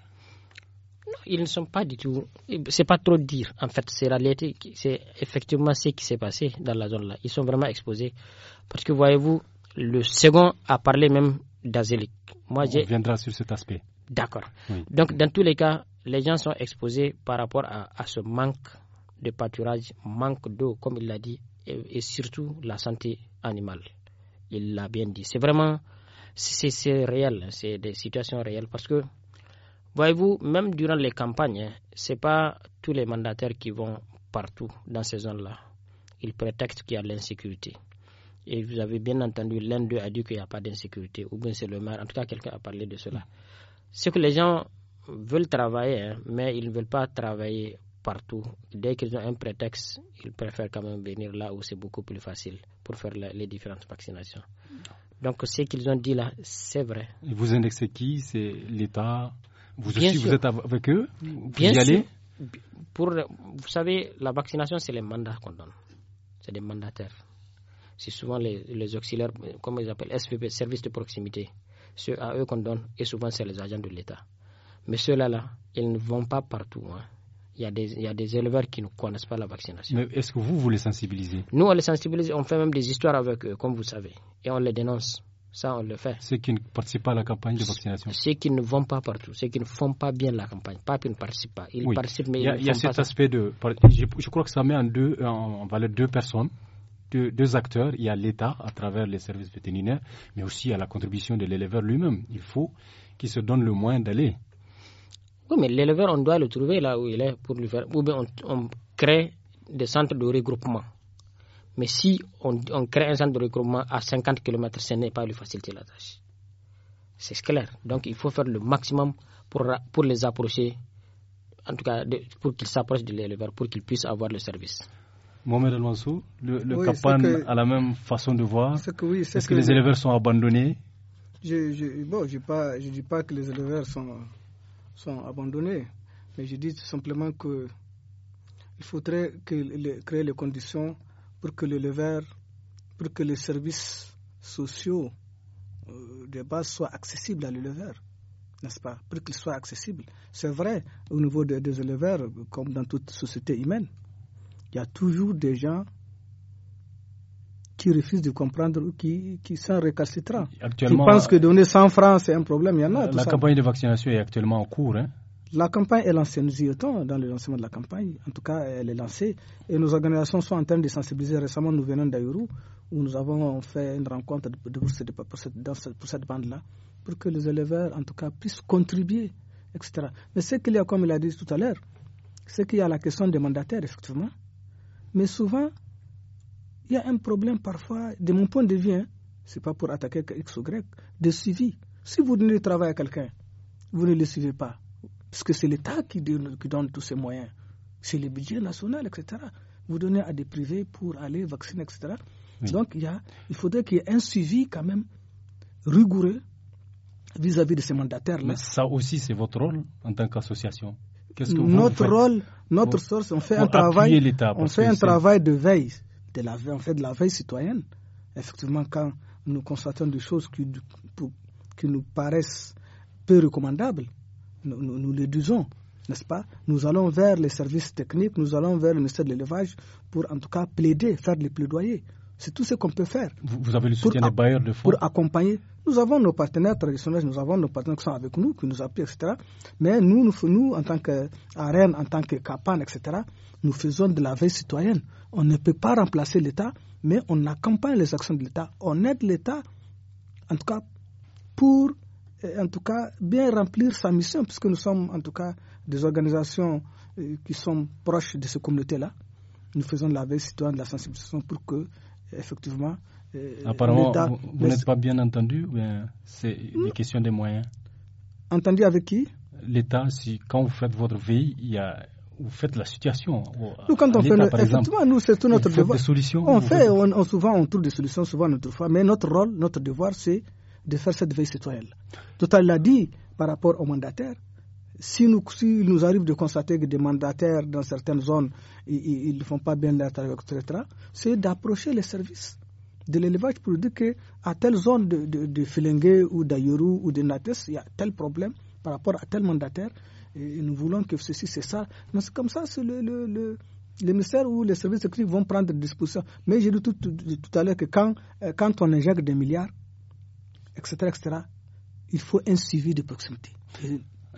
Non, ils ne sont pas du tout. C'est pas trop dire. En fait, c'est la réalité. C'est effectivement ce qui s'est passé dans la zone là. Ils sont vraiment exposés. Parce que voyez-vous, le second a parlé même d'azélique. On viendra sur cet aspect. D'accord. Donc, dans tous les cas, les gens sont exposés par rapport à, ce manque de pâturage, manque d'eau, comme il l'a dit, et, surtout la santé animale. Il l'a bien dit. C'est vraiment, c'est réel, c'est des situations réelles parce que, voyez-vous, même durant les campagnes, hein, ce n'est pas tous les mandataires qui vont partout dans ces zones-là. Ils prétextent qu'il y a l'insécurité. Et vous avez bien entendu, l'un d'eux a dit qu'il n'y a pas d'insécurité, ou bien c'est le maire. En tout cas, quelqu'un a parlé de cela. Ce que les gens veulent travailler, hein, mais ils ne veulent pas travailler partout. Dès qu'ils ont un prétexte, ils préfèrent quand même venir là où c'est beaucoup plus facile pour faire les différentes vaccinations. Donc ce qu'ils ont dit là, c'est vrai. vous indexez qui C'est l'État Vous aussi, vous êtes avec eux Bien sûr. pour, Vous savez, la vaccination, c'est les mandats qu'on donne. C'est des mandataires c'est souvent les, auxiliaires, euh, comme ils appellent SVP, services de proximité. Ceux à eux qu'on donne, et souvent c'est les agents de l'État. Mais ceux-là, ils ne vont pas partout. Hein. Il, y a des, il, des, éleveurs qui ne connaissent pas la vaccination. Mais est-ce que vous, vous les sensibilisez Nous, on les sensibilise, on fait même des histoires avec eux, comme vous savez, et on les dénonce. Ça, on le fait. Ceux qui ne participent pas à la campagne de vaccination. Ceux qui ne vont pas partout, ceux qui ne font pas bien la campagne, pas qu'ils ne participent pas. Ils participent, mais ils ne font pas. Il cet aspect de. Je, je, crois que ça met en, deux, en valeur deux personnes deux, deux acteurs. Il y a l'État à travers les services vétérinaires, mais aussi à la contribution de l'éleveur lui-même. Il faut qu'il se donne le moyen d'aller. Oui, mais l'éleveur, on doit le trouver là où il est pour lui faire. Ou bien on, crée des centres de regroupement. Mais si on, crée un centre de regroupement à 50 km, ce n'est pas lui faciliter la tâche. C'est clair. Donc il faut faire le maximum pour, les approcher, en tout cas pour qu'ils s'approchent de l'éleveur, pour qu'ils puissent avoir le service. Mohamed Al-Mansou, le, le a la même façon de voir Est-ce que, les éleveurs sont abandonnés Je ne bon, je dis pas que les éleveurs sont, sont abandonnés, mais je dis tout simplement que il faudrait créer les conditions pour que l'éleveur, pour que les services sociaux euh, de base soient accessibles à l'éleveur n'est-ce pas, pour qu'il soit accessible. C'est vrai au niveau des, des, éleveurs, comme dans toute société humaine il y a toujours des gens qui refusent de comprendre ou qui, qui sont récalcitrants. Actuellement, qui pensent que donner 100 francs, c'est un problème. Il y en a. La campagne de vaccination est actuellement en cours. Hein? La campagne est lancée, nous y étions dans le lancement de la campagne. En tout cas, elle est lancée. Et nos organisations sont en train de sensibiliser. Récemment, nous venons d'Aïrou où nous avons fait une rencontre de, pour cette, pour cette bande-là, pour que les éleveurs, en tout cas, puissent contribuer, etc. Mais ce qu'il y a, comme il a dit tout à l'heure, c'est qu'il y a la question des mandataires, effectivement. Mais souvent, il y a un problème parfois, de mon point de vue, hein, c'est ce pas pour attaquer X ou Y, de suivi. Si vous donnez le travail à quelqu'un, vous ne le suivez pas. Parce que c'est l'État qui donne, tous ces moyens. C'est le budget national, etc. Vous donnez à des privés pour aller vacciner, etc. Donc, il, a, faudrait qu'il y ait un suivi quand même rigoureux vis-à-vis -vis de ces mandataires-là. Mais ça aussi, c'est votre rôle en tant qu'association notre rôle, notre source, on fait un travail, on fait un travail de veille, de la, on fait de la veille citoyenne. Effectivement, quand nous constatons des choses qui, nous paraissent peu recommandables, nous, les disons, n'est-ce pas Nous allons vers les services techniques, nous allons vers le ministère de l'élevage pour en tout cas plaider, faire les plaidoyers c'est tout ce qu'on peut faire. Vous, avez le soutien des bailleurs de fonds Pour accompagner. Nous avons nos partenaires traditionnels, nous avons nos partenaires qui sont avec nous, qui nous appuient, etc. Mais nous, nous, en tant qu'arène, en tant que Capan, etc., nous faisons de la veille citoyenne. On ne peut pas remplacer l'État, mais on accompagne les actions de l'État. On aide l'État, en tout cas, pour euh, en tout cas bien remplir sa mission, puisque nous sommes en tout cas des organisations euh, qui sont proches de ces communautés-là. Nous faisons de la veille citoyenne, de la sensibilisation pour que effectivement. Euh, Apparemment, vous, n'êtes pas bien entendu, c'est une hmm. question des moyens. Entendu avec qui L'État, si, quand vous faites votre vie il vous faites la situation. Nous, quand on fait nous, c'est tout notre devoir. on fait, on, souvent, on trouve des solutions, souvent, notre fois, mais notre rôle, notre devoir, c'est de faire cette veille citoyenne. Tout à l'a dit par rapport aux mandataires, si nous, nous arrive de constater que des mandataires dans certaines zones, ils ne font pas bien leur travail, etc., c'est d'approcher les services de l'élevage pour dire qu'à telle zone de, de, ou d'Ayuru ou de Nates, il y a tel problème par rapport à tel mandataire, et nous voulons que ceci, c'est ça. Mais c'est comme ça, c'est le, le, le les ministères ou les services écrits vont prendre disposition. Mais j'ai dit tout, tout, tout à l'heure que quand, euh, quand on injecte des milliards, etc., etc., il faut un suivi de proximité.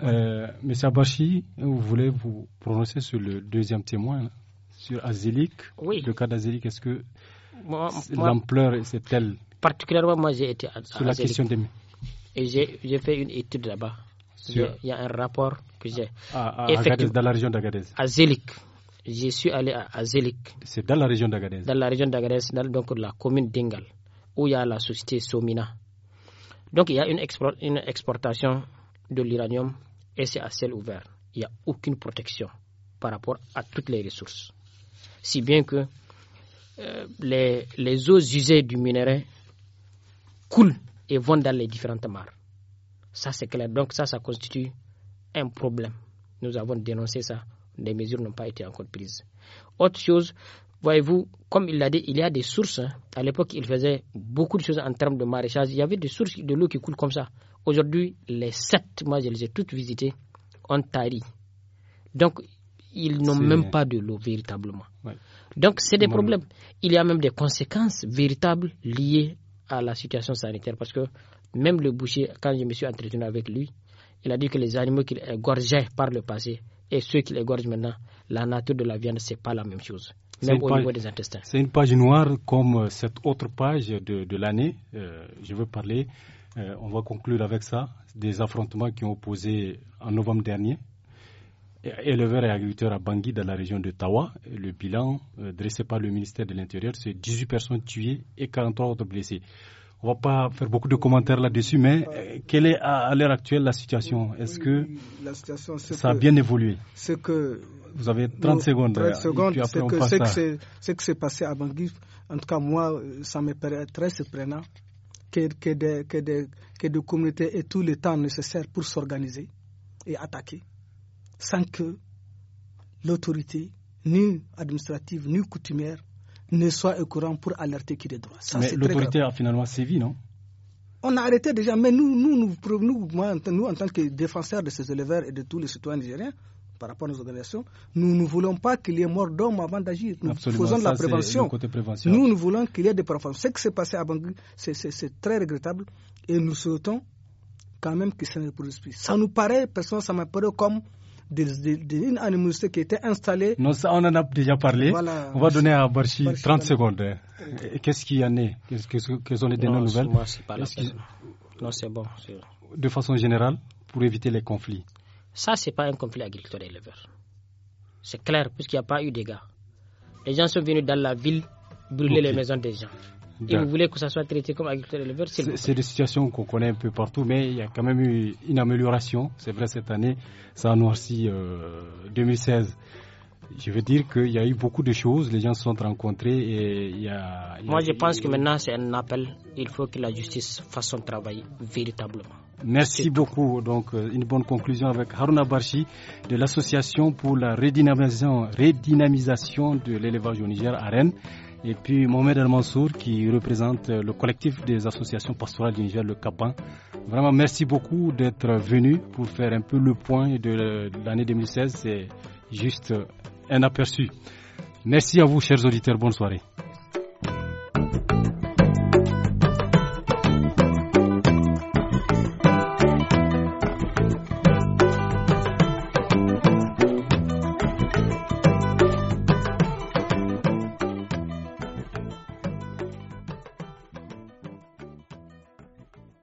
Euh, Monsieur Abachi, vous voulez vous prononcer sur le deuxième témoin, sur Azélique Oui. Le cas d'Azélique, est-ce que l'ampleur est telle Particulièrement, moi j'ai été à, Sur la question des. Et j'ai fait une étude là-bas. Il y a un rapport que j'ai. Ah, dans la région d'Agadez Azélique, Je suis allé à Azélik. C'est dans la région d'Agadez Dans la région d'Agadez, donc la commune d'Ingal, où il y a la société Somina. Donc il y a une exportation de l'uranium et c'est à ciel ouvert. Il n'y a aucune protection par rapport à toutes les ressources. Si bien que euh, les, eaux usées du minerai coulent et vont dans les différentes mares. Ça, c'est clair. Donc, ça, ça constitue un problème. Nous avons dénoncé ça. Des mesures n'ont pas été encore prises. Autre chose, voyez-vous, comme il l'a dit, il y a des sources. Hein. À l'époque, il faisait beaucoup de choses en termes de maraîchage. Il y avait des sources de l'eau qui coulent comme ça. Aujourd'hui, les sept, moi je les ai toutes visitées, ont tari. Donc, ils n'ont même pas de l'eau véritablement. Donc, c'est des problèmes. Il y a même des conséquences véritables liées à la situation sanitaire parce que même le boucher, quand je me suis entretenu avec lui, il a dit que les animaux qu'il égorgeait par le passé et ceux qu'il égorge maintenant, la nature de la viande, ce n'est pas la même chose, même au niveau des intestins. C'est une page noire comme cette autre page de, l'année. Euh, je veux parler euh, on va conclure avec ça. Des affrontements qui ont opposé en novembre dernier éleveurs et agriculteurs à Bangui dans la région de Tawa. Le bilan euh, dressé par le ministère de l'Intérieur, c'est 18 personnes tuées et 43 autres blessées On ne va pas faire beaucoup de commentaires là-dessus, mais euh, quelle est à, l'heure actuelle la situation Est-ce que ça a bien évolué que vous avez 30 secondes. 30 secondes, c'est que ce qui s'est passé à Bangui, en tout cas moi, ça me paraît très surprenant que, des, communautés aient tout le temps nécessaire pour s'organiser et attaquer, sans que l'autorité, ni administrative, ni coutumière, ne soit au courant pour alerter qui des droits. mais l'autorité a finalement sévi, non on a arrêté déjà, mais nous, nous, nous, nous, nous, en tant que défenseurs de ces éleveurs et de tous les citoyens nigériens, par rapport à nos organisations, nous ne voulons pas qu'il y ait mort d'homme avant d'agir. Nous faisons de la prévention. Nous, nous voulons qu'il y ait des préventions. Ce qui s'est passé à Bangui, c'est très regrettable et nous souhaitons quand même que ça ne reproduise plus. Ça nous paraît, personne, ça m'apparaît comme une animosité qui était installée. Non, ça, on en a déjà parlé. on va donner à Barchi 30 secondes. Hein. Qu'est-ce qu'il y en a Quelles sont les dernières nouvelles Non, c'est bon. De façon générale, pour éviter les conflits, ça, ce n'est pas un conflit agriculteur-éleveur. C'est clair, puisqu'il n'y a pas eu de dégâts. Les gens sont venus dans la ville brûler les maisons des gens. Et vous voulez que ça soit traité comme agriculteur-éleveur C'est des situations qu'on connaît un peu partout, mais il y a quand même eu une amélioration. C'est vrai, cette année, ça a noirci 2016. Euh, je veux dire qu'il y a eu beaucoup de choses, les gens se sont rencontrés et il y a... Moi, je pense que maintenant, c'est un appel. Il faut que la justice fasse son travail véritablement. Merci beaucoup. Donc, euh, une bonne conclusion avec Haruna Barchi de l'Association pour la redynamisation, de l'élevage au Niger à Rennes. Et puis Mohamed Al Mansour qui représente euh, le collectif des associations pastorales du Niger, le Capan. Vraiment, merci beaucoup d'être venu pour faire un peu le point de euh, l'année 2016. C'est juste un aperçu. Merci à vous, chers auditeurs. Bonne soirée.